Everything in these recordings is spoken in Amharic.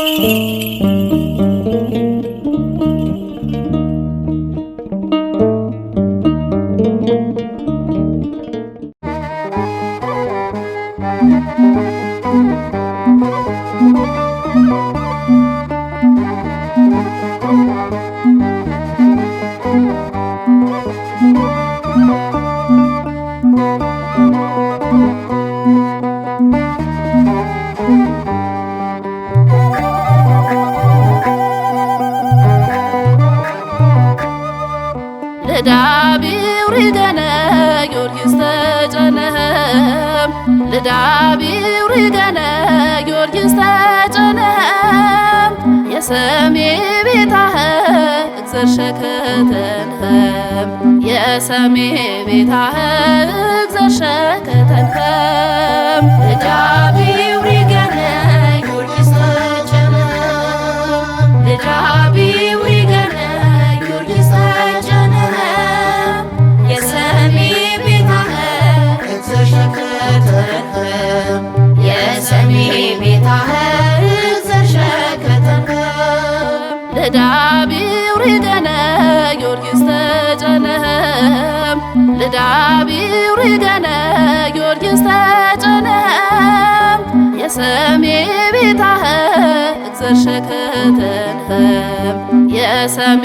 you. ልዳቢው ሪደነ ጊዮርጊስ ተጨነኸም ልዳቢው ሪደነ ጊዮርጊስ ተጨነኸም የሰሜ ቤታኸ እግዘር ሸከተንኸም የሰሜ ቤታኸ ሰሚ ቤታህር ዘሸከተንከ ልዳቢው ሪደነ ጊዮርጊስ ተጨነህም ልዳቢው ሪደነ ጊዮርጊስ ተጨነህም የሰሚ ቤታህር ዘሸከተንከም የሰሚ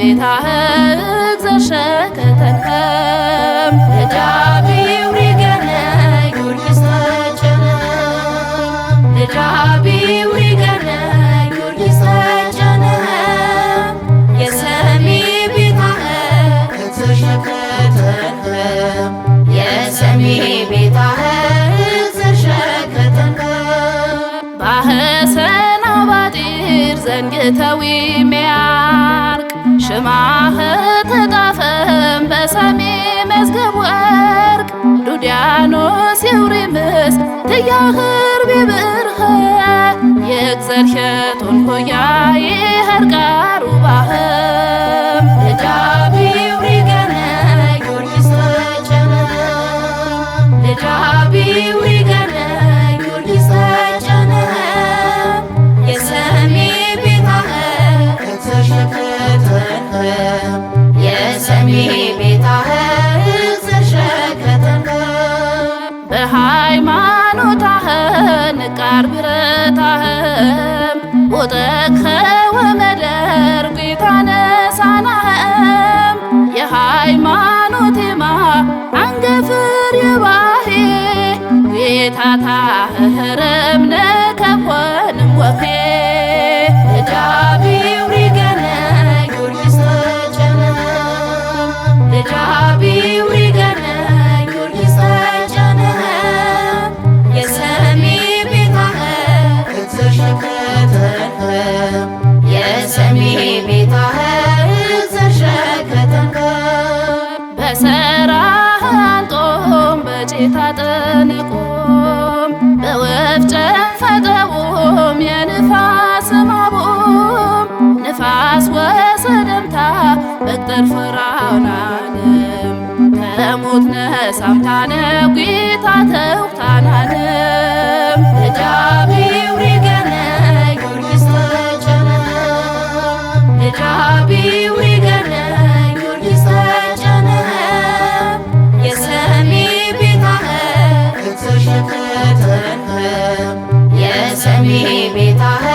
ቤታህር ዘሸከተንከም ልዳቢው ዘንግተዊ ሚያርቅ ሽማህ ተጣፈም በሰሜ መዝገብ ወርቅ ዱድያኖስ የውሪ ምስ ትያህር ቢብርኸ የእግዘርሸቱን ኮያ ይኸርቃሩ ባህ ለጃቢውሪ ገነ ጊዮርጊስ ጨነ ለጃቢውሪ የሰሚ ቤታህ ዘሸከተንከ በሃይማኖታህን ቃር ብረታህም ውጠቅኸ ወመደር ጌታነሳናህም የሃይማኖቴማ አንገፍር የባሄ ጌታታህረ ሙት ነሳምታ ነው ጌታ ሪገነ ጊዮርጊስ ተጨነ ሪገነ ጊዮርጊስ ተጨነ የሰሚ የሰሚ